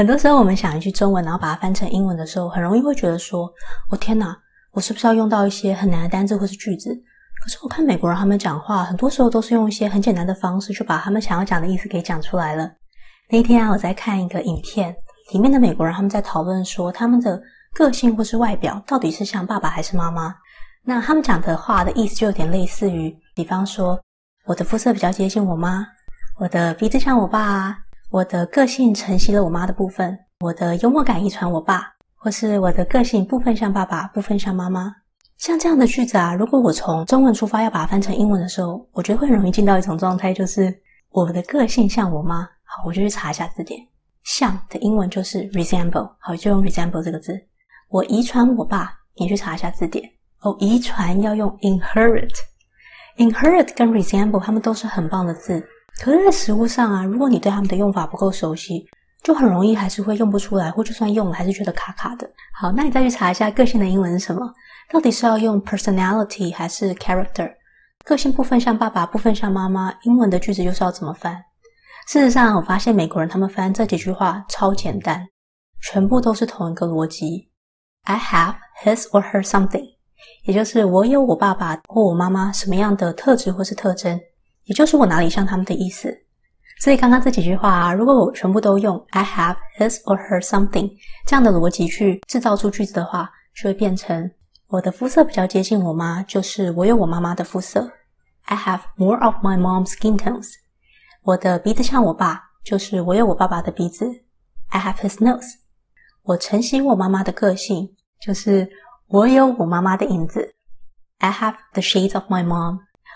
很多時候，我們想一句中文，然後把它翻成英文的時候，很容易會覺得說：“我、oh, 天哪，我是不是要用到一些很難的單字或是句子？”可是我看美國人他們講話，很多時候都是用一些很簡單的方式，就把他們想要講的意思給講出來了。那天啊，我在看一個影片，裡面的美國人他們在討論說他們的個性或是外表到底是像爸爸還是媽媽。那他們講的話的意思就有點類似於，比方說：“我的膚色比較接近我媽，我的鼻子像我爸啊。”我的個性承襲了我媽的部分，我的幽默感遺傳我爸，或是我的個性部分像爸爸，部分像媽媽。像這樣的句子啊，如果我從中文出發，要把它翻成英文的時候，我覺得會很容易進到一種狀態，就是我的個性像我媽。好，我就去查一下字典，像的英文就是 resemble。好，我就用 resemble 這個字。我遺傳我爸，你去查一下字典。哦，遺傳要用 inherit。inherit 跟 resemble，他們都是很棒的字。可是，在實務上啊，如果你對他們的用法不夠熟悉，就很容易還是會用不出來，或就算用了，還是覺得卡卡的。好，那你再去查一下個性的英文是什麼，到底是要用 personality 還是 character？個性部分像爸爸，部分像媽媽，英文的句子又是要怎麼翻？事實上，我發現美國人他們翻這幾句話超簡單，全部都是同一個邏輯：I have his or her something，也就是我有我爸爸或我媽媽什麼樣的特質或是特徵。也就是我哪裡像他們的意思，所以剛剛這幾句話啊，如果我全部都用 I have his or her something 這樣的邏輯去制造出句子的話，就會變成我的膚色比較接近我媽，就是我有我媽媽的膚色。I have more of my mom's skin tones。我的鼻子像我爸，就是我有我爸爸的鼻子。I have his nose。我承襲我媽媽的個性，就是我有我媽媽的影子。I have the shades of my mom。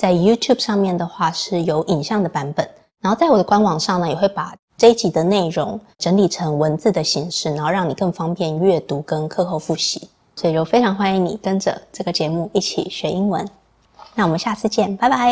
在 YouTube 上面的話是有影像的版本，然後在我的官網上呢，也會把這一集的內容整理成文字的形式，然後讓你更方便閱讀跟課後複習。所以就非常歡迎你跟着這個節目一起學英文。那我們下次見，拜拜。